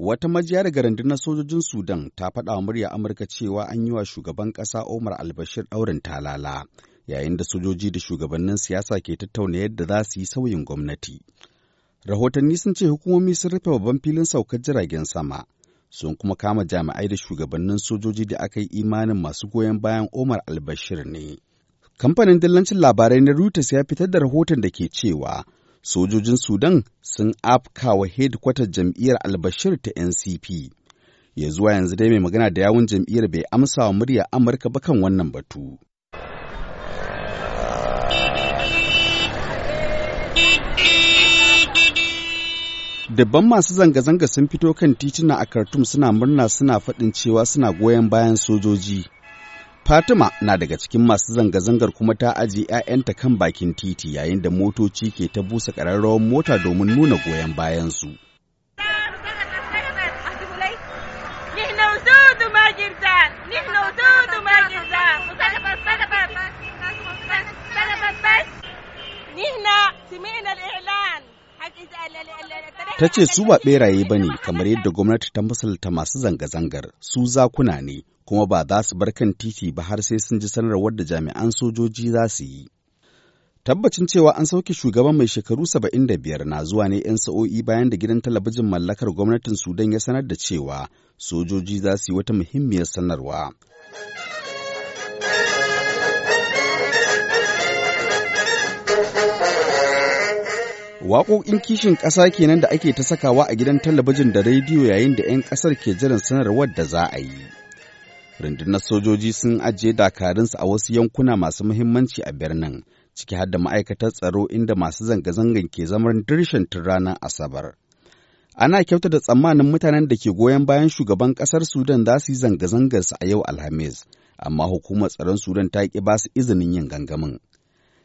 Wata majiya daga rundunar sojojin Sudan ta faɗa wa murya Amurka cewa an yi wa shugaban ƙasa Omar albashir bashir ɗaurin talala, yayin da sojoji da shugabannin siyasa ke tattauna yadda za su yi sauyin gwamnati. Rahotanni sun ce hukumomi sun rufe babban filin saukar jiragen sama, sun kuma kama jami'ai da shugabannin sojoji da aka yi imanin masu goyon bayan Omar albashir ne. Kamfanin dillancin labarai na Reuters ya fitar da rahoton da ke cewa sojojin Sudan sun afkawa hedkwata jam'iyyar albashir ta NCP. Ya zuwa yanzu dai mai magana da yawun jam'iyyar bai amsa wa murya Amurka ba kan wannan batu. Dabban masu zanga-zanga sun fito kan tituna a Khartoum suna murna suna faɗin cewa suna goyon bayan sojoji. Fatima na daga cikin masu zanga-zangar kuma ta ajiye 'ya'yanta kan bakin titi yayin da motoci ke ta busa ƙararrawar mota domin nuna goyon bayansu. سمعنا Ta ce su ba ɓeraye ba ne kamar yadda gwamnati ta musulta masu zanga-zangar su zakuna ne kuma ba za su bar kan titi ba har sai sun ji sanarwar da jami'an sojoji za su yi. Tabbacin cewa an sauke shugaban mai shekaru 75 na zuwa ne 'yan sa'o'i bayan da gidan talabijin mallakar gwamnatin Sudan ya sanar da cewa sojoji za su yi wata muhimmiyar sanarwa Waƙoƙin kishin ƙasa kenan da ake ta sakawa a gidan talabijin da rediyo yayin da 'yan ƙasar ke jiran sanarwar da za a yi. Rundunar sojoji sun ajiye dakarunsu a wasu yankuna masu muhimmanci a birnin, ciki har da ma'aikatar tsaro inda masu zanga-zangan ke zaman dirshin tun ranar Asabar. Ana kyauta da tsammanin mutanen da ke goyon bayan shugaban ƙasar Sudan za su yi zanga-zangarsu a yau Alhamis, amma hukumar tsaron Sudan ta ƙi ba su izinin yin gangamin.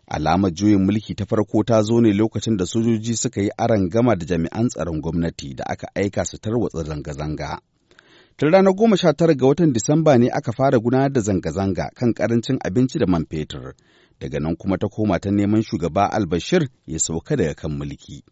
Alamar juyin mulki ta farko ta zo ne lokacin da sojoji suka yi aron gama da jami'an tsaron gwamnati da aka aika su tarwatsa zanga-zanga. Tun ranar goma sha tara ga watan Disamba ne aka fara gudanar da zanga-zanga kan karancin abinci da man fetur, daga nan kuma ta koma ta neman shugaba Albashir ya sauka daga kan mulki.